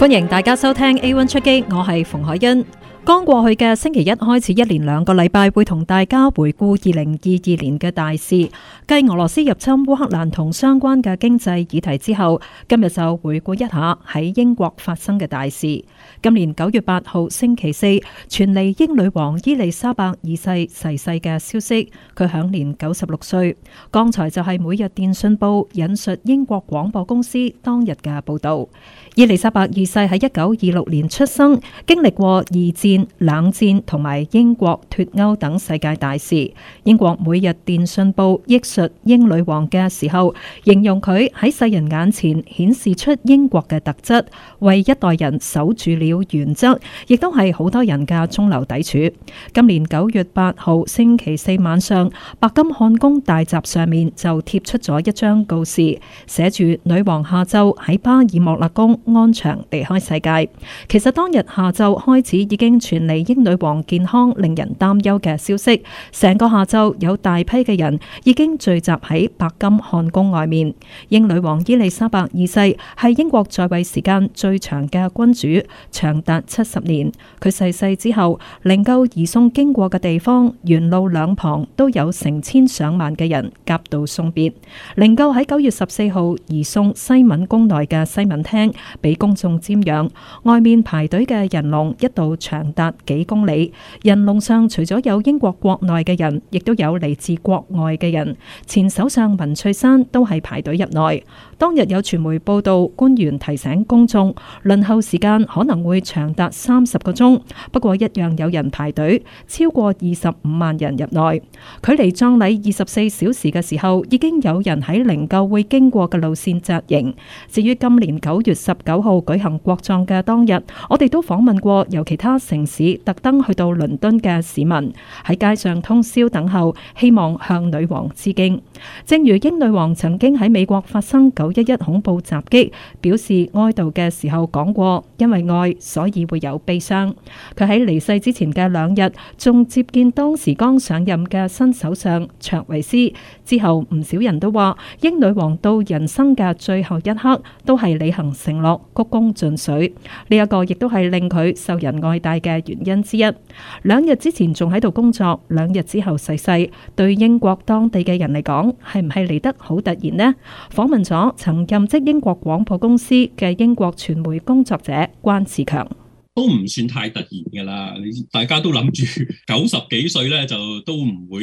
歡迎大家收聽 A One 出擊，我係馮海欣。剛過去嘅星期一開始，一連兩個禮拜會同大家回顧二零二二年嘅大事。繼俄羅斯入侵烏克蘭同相關嘅經濟議題之後，今日就回顧一下喺英國發生嘅大事。今年九月八號星期四，傳嚟英女王伊麗莎白二世逝世嘅消息，佢享年九十六歲。剛才就係《每日電訊報》引述英國廣播公司當日嘅報道。伊麗莎白二世喺一九二六年出生，經歷過二戰、冷戰同埋英國脫歐等世界大事。英國每日電訊報憶述英女王嘅時候，形容佢喺世人眼前顯示出英國嘅特質，為一代人守住了原則，亦都係好多人嘅中流砥柱。今年九月八號星期四晚上，白金漢宮大閘上面就貼出咗一張告示，寫住女王下晝喺巴爾莫勒宮安詳離開世界。其實當日下晝開始已經傳嚟英女王健康令人擔憂嘅消息，成個下晝有大批嘅人已經聚集喺白金漢宮外面。英女王伊麗莎白二世係英國在位時間最長嘅君主，長達七十年。佢逝世之後，靈柩移送經過嘅地方，沿路兩旁都有成千上萬嘅人夾道送別。靈柩喺九月十四號移送西敏宮內嘅西敏廳。俾公眾瞻仰，外面排隊嘅人龍一度長達幾公里。人龍上除咗有英國國內嘅人，亦都有嚟自國外嘅人。前首相文翠珊都係排隊入內。當日有傳媒報道，官員提醒公眾輪候時間可能會長達三十個鐘，不過一樣有人排隊，超過二十五萬人入內。距離葬禮二十四小時嘅時候，已經有人喺靈柩會經過嘅路線紮營。至於今年九月十。九號舉行國葬嘅當日，我哋都訪問過由其他城市特登去到倫敦嘅市民，喺街上通宵等候，希望向女王致敬。正如英女王曾經喺美國發生九一一恐怖襲擊表示哀悼嘅時候講過，因為愛所以會有悲傷。佢喺離世之前嘅兩日，仲接見當時剛上任嘅新首相卓慧思。之後唔少人都話，英女王到人生嘅最後一刻都係履行承諾。鞠躬盡瘁呢一個亦都係令佢受人愛戴嘅原因之一。兩日之前仲喺度工作，兩日之後逝世，對英國當地嘅人嚟講，係唔係嚟得好突然呢？訪問咗曾任職英國廣播公司嘅英國傳媒工作者關志強。都唔算太突然㗎喇。你大家都諗住九十幾歲咧，就都唔會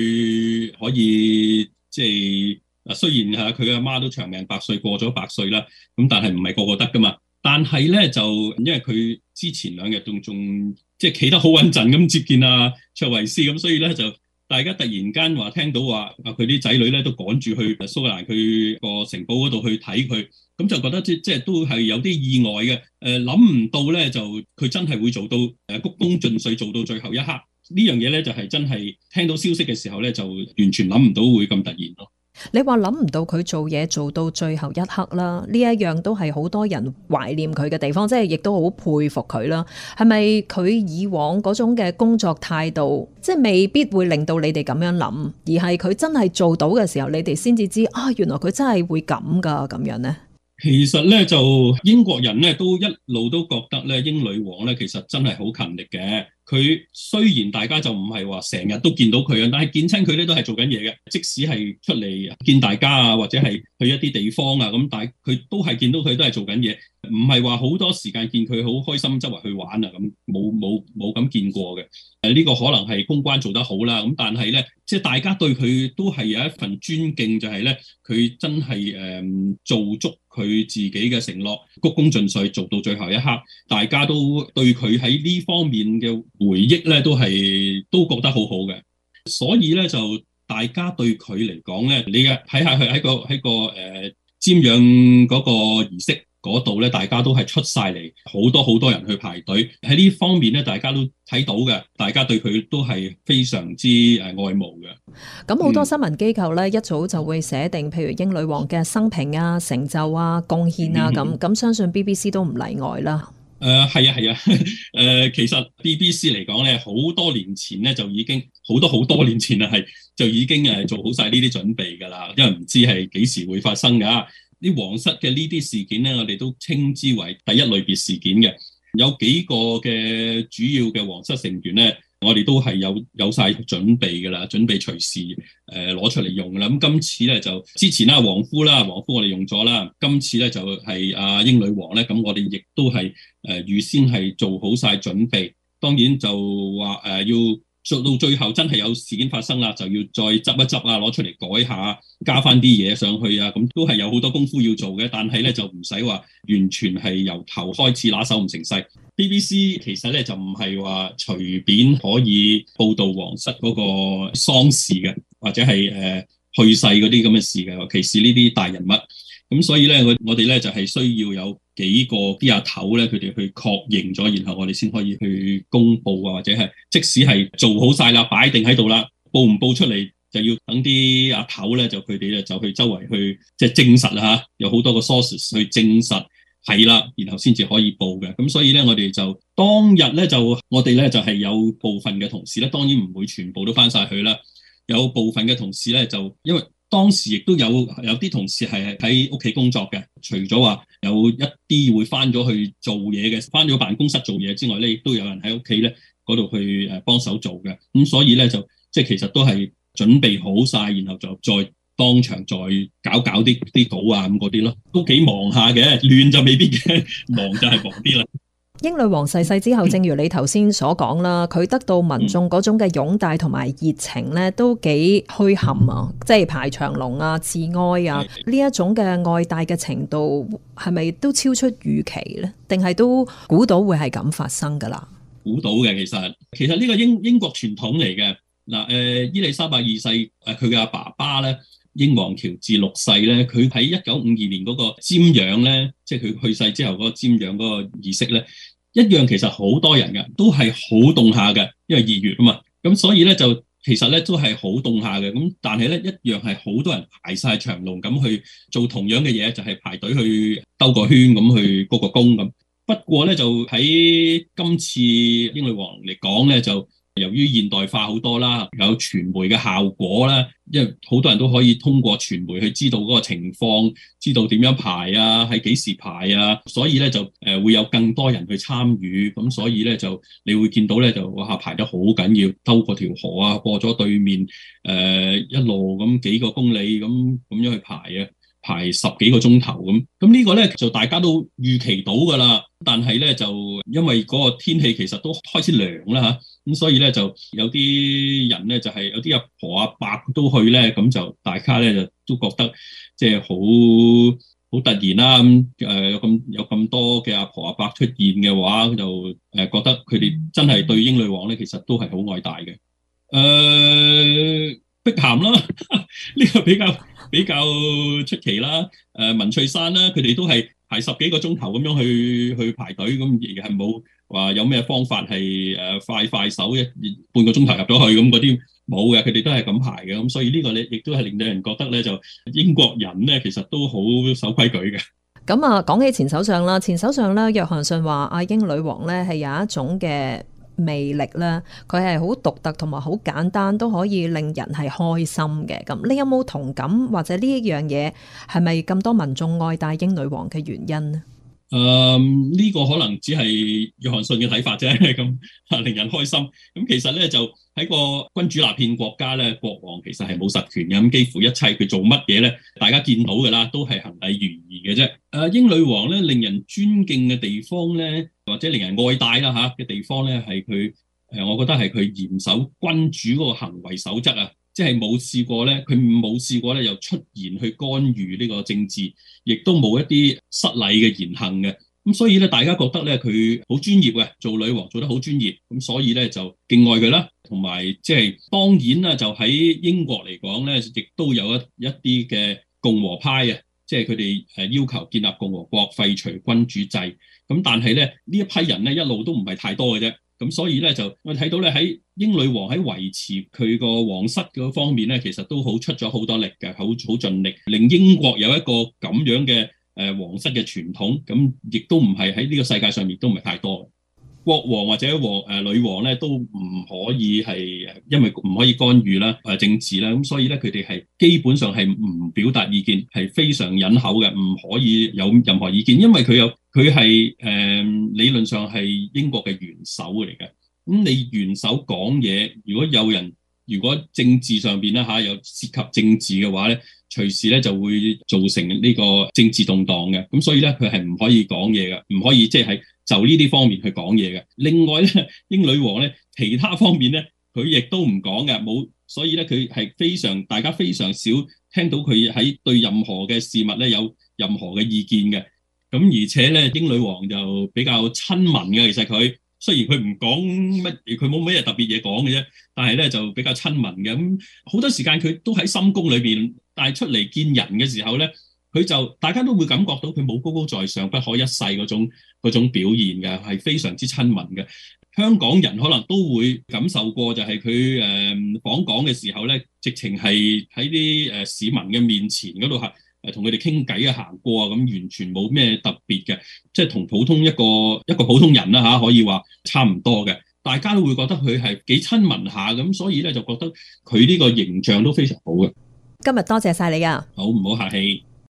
可以即係。啊，雖然嚇佢阿媽都長命百歲過咗百歲啦，咁但係唔係個個得噶嘛？但係咧就因為佢之前兩日仲仲即係企得好穩陣咁接見阿卓慧思咁，所以咧就大家突然間話聽到話啊，佢啲仔女咧都趕住去蘇格蘭佢個城堡嗰度去睇佢，咁就覺得即即係都係有啲意外嘅。誒、呃，諗唔到咧就佢真係會做到誒鞠躬盡瘁做到最後一刻樣呢樣嘢咧，就係、是、真係聽到消息嘅時候咧，就完全諗唔到會咁突然咯。你話諗唔到佢做嘢做到最後一刻啦，呢一樣都係好多人懷念佢嘅地方，即係亦都好佩服佢啦。係咪佢以往嗰種嘅工作態度，即係未必會令到你哋咁樣諗，而係佢真係做到嘅時候，你哋先至知啊，原來佢真係會咁噶咁樣呢，其實呢，就英國人呢都一路都覺得咧英女王咧，其實真係好勤力嘅。佢雖然大家就唔係話成日都見到佢啊，但係見親佢咧都係做緊嘢嘅。即使係出嚟見大家啊，或者係去一啲地方啊，咁但係佢都係見到，佢都係做緊嘢。唔係話好多時間見佢好開心，周圍去玩啊咁，冇冇冇咁見過嘅。誒、這、呢個可能係公關做得好啦，咁但係咧，即、就、係、是、大家對佢都係有一份尊敬就是呢，就係咧，佢真係誒做足佢自己嘅承諾，鞠躬盡瘁做到最後一刻，大家都對佢喺呢方面嘅回憶咧，都係都覺得很好好嘅。所以咧，就大家對佢嚟講咧，你嘅睇下佢喺個喺個誒瞻仰嗰個儀式。度咧，大家都係出晒嚟，好多好多人去排隊。喺呢方面咧，大家都睇到嘅，大家對佢都係非常之誒愛慕嘅。咁好多新聞機構咧、嗯，一早就會寫定，譬如英女皇嘅生平啊、成就啊、貢獻啊咁。咁、嗯、相信 BBC 都唔例外啦。誒係啊係啊，誒、啊、其實 BBC 嚟講咧，好多年前咧就已經好多好多年前啦，係就已經誒做好晒呢啲準備㗎啦。因為唔知係幾時會發生㗎。啲皇室嘅呢啲事件咧，我哋都稱之為第一類別事件嘅。有幾個嘅主要嘅皇室成員咧，我哋都係有有曬準備噶啦，準備隨時誒攞，呃、出嚟用嘅。咁今次咧就之前啦，皇夫啦，皇夫我哋用咗啦。今次咧就係、是、阿、啊、英女皇咧，咁我哋亦都係誒，呃、預先係做好晒準備。當然就話誒，呃、要。做到最後真係有事件發生啦，就要再執一執啊，攞出嚟改下，加翻啲嘢上去啊，咁都係有好多功夫要做嘅。但係咧就唔使話完全係由頭開始拿手唔成勢。BBC 其實咧就唔係話隨便可以報導皇室嗰個喪事嘅，或者係誒去世嗰啲咁嘅事嘅，尤其是呢啲大人物。咁所以咧我我哋咧就係需要有。幾個啲阿頭咧，佢哋去確認咗，然後我哋先可以去公布啊，或者係即使係做好晒啦，擺定喺度啦，報唔報出嚟就要等啲阿頭咧，就佢哋咧就去周圍去即係證實吓，有好多個 sources 去證實係啦，然後先至可以報嘅。咁所以咧，我哋就當日咧就我哋咧就係有部分嘅同事咧，當然唔會全部都返晒去啦，有部分嘅同事咧就因為當時亦都有有啲同事係喺屋企工作嘅，除咗話。有一啲會返咗去做嘢嘅，返咗辦公室做嘢之外咧，亦都有人喺屋企咧嗰度去誒幫手做嘅，咁所以咧就即係其實都係準備好晒，然後就再當場再搞搞啲啲稿啊咁嗰啲咯，都幾忙下嘅，亂就未必嘅，忙就係忙啲啦。 英女王逝世之後，正如你頭先所講啦，佢得到民眾嗰種嘅擁戴同埋熱情咧，都幾墟冚啊！即係排長龍啊、致哀啊，呢一種嘅愛戴嘅程度，係咪都超出預期咧？定係都估到會係咁發生噶啦？估到嘅，其實其實呢個英英國傳統嚟嘅嗱，誒、呃、伊麗莎白二世誒佢嘅阿爸爸咧。英皇喬治六世咧，佢喺一九五二年嗰個瞻仰咧，即係佢去世之後嗰個瞻仰嗰個儀式咧，一樣其實好多人㗎，都係好凍下嘅，因為二月啊嘛，咁所以咧就其實咧都係好凍下嘅，咁但係咧一樣係好多人排晒長龍咁去做同樣嘅嘢，就係、是、排隊去兜個圈咁去鞠個躬咁。不過咧就喺今次英女王嚟講咧就。由於現代化好多啦，有傳媒嘅效果啦，因為好多人都可以通過傳媒去知道嗰個情況，知道點樣排啊，喺幾時排啊，所以咧就誒、呃、會有更多人去參與，咁所以咧就你會見到咧就哇排得好緊要，兜過條河啊，過咗對面，誒、呃、一路咁幾個公里咁咁樣去排啊。排十幾個鐘頭咁，咁呢個咧就大家都預期到噶啦。但係咧就因為嗰個天氣其實都開始涼啦吓，咁、啊、所以咧就有啲人咧就係、是、有啲阿婆阿伯都去咧，咁就大家咧就都覺得即係好好突然啦咁誒，有咁有咁多嘅阿婆阿伯出現嘅話，就誒覺得佢哋真係對英女皇咧其實都係好愛戴嘅。誒、呃，碧咸啦，呢 個比較。比較出奇啦，誒，文翠珊啦，佢哋都係排十幾個鐘頭咁樣去去排隊，咁而係冇話有咩方法係誒快快手嘅半個鐘頭入咗去咁，嗰啲冇嘅，佢哋都係咁排嘅，咁所以呢個咧亦都係令到人覺得咧就英國人咧其實都好守規矩嘅。咁啊，講起前首相啦，前首相咧，約翰遜話阿英女王咧係有一種嘅。魅力啦，佢係好獨特同埋好簡單，都可以令人係開心嘅。咁你有冇同感？或者呢一樣嘢係咪咁多民眾愛戴英女王嘅原因咧？誒，呢個可能只係約翰遜嘅睇法啫。咁令人開心。咁其實咧就喺個君主立憲國家咧，國王其實係冇實權嘅。咁幾乎一切佢做乜嘢咧，大家見到噶啦，都係行禮如儀嘅啫。誒，英女王咧令人尊敬嘅地方咧。或者令人愛戴啦吓，嘅地方咧，係佢誒，我覺得係佢嚴守君主嗰個行為守則啊，即係冇試過咧，佢冇試過咧又出言去干預呢個政治，亦都冇一啲失禮嘅言行嘅。咁所以咧，大家覺得咧佢好專業嘅，做女王做得好專業，咁所以咧就敬愛佢啦。同埋即係當然啦，就喺英國嚟講咧，亦都有一一啲嘅共和派啊。即係佢哋誒要求建立共和國，廢除君主制。咁但係咧，呢一批人咧一路都唔係太多嘅啫。咁所以咧就我睇到咧喺英女王喺維持佢個皇室嗰方面咧，其實都好出咗好多力嘅，好好盡力，令英國有一個咁樣嘅誒、呃、皇室嘅傳統。咁亦都唔係喺呢個世界上面都唔係太多，國王或者王誒女王咧都唔可以係誒，因為唔可以干預啦誒政治啦，咁所以咧佢哋係基本上係唔表達意見，係非常隱口嘅，唔可以有任何意見，因為佢有佢係誒理論上係英國嘅元首嚟嘅。咁你元首講嘢，如果有人如果政治上邊咧吓有涉及政治嘅話咧，隨時咧就會造成呢個政治動盪嘅。咁所以咧佢係唔可以講嘢嘅，唔可以即係。就是就呢啲方面去講嘢嘅。另外咧，英女皇咧其他方面咧，佢亦都唔講嘅，冇。所以咧，佢係非常大家非常少聽到佢喺對任何嘅事物咧有任何嘅意見嘅。咁而且咧，英女皇就比較親民嘅。其實佢雖然佢唔講乜，佢冇乜特別嘢講嘅啫。但係咧就比較親民嘅。咁好多時間佢都喺深宮裏邊，但係出嚟見人嘅時候咧。佢就大家都會感覺到佢冇高高在上、不可一世嗰種嗰種表現嘅，係非常之親民嘅。香港人可能都會感受過就他，就係佢誒訪港嘅時候咧，直情係喺啲誒市民嘅面前嗰度吓誒同佢哋傾偈啊，行過啊，咁完全冇咩特別嘅，即係同普通一個一個普通人啦、啊、吓，可以話差唔多嘅。大家都會覺得佢係幾親民下咁，所以咧就覺得佢呢個形象都非常好嘅。今日多謝晒你啊！好，唔好客氣。